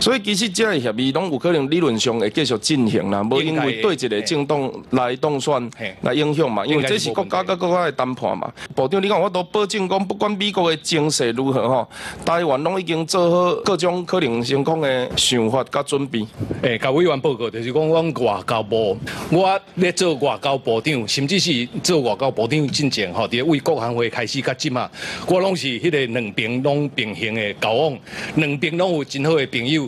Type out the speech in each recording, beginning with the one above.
所以其實這類協議攏有可能理論上會繼續進行啦，無因為對一個政黨來當選來影響嘛，因為這是國家跟國家嘅談判嘛。部長，你看我都保證講，不管美國嘅政策如何吼，台灣攏已經做好各種可能情況嘅想法甲準備。誒、欸，甲委員報告，就是講阮外交部，我咧做外交部長，甚至是做外交部長進前吼，佇為各行會開始較即嘛，我攏是迄個兩邊攏平行嘅交往，兩邊攏有真好嘅朋友。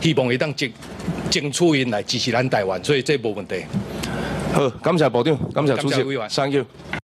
希望佢當政政處員嚟支持咱台灣，所以這冇問題。好，感謝部長，感謝主席，委員，thank you。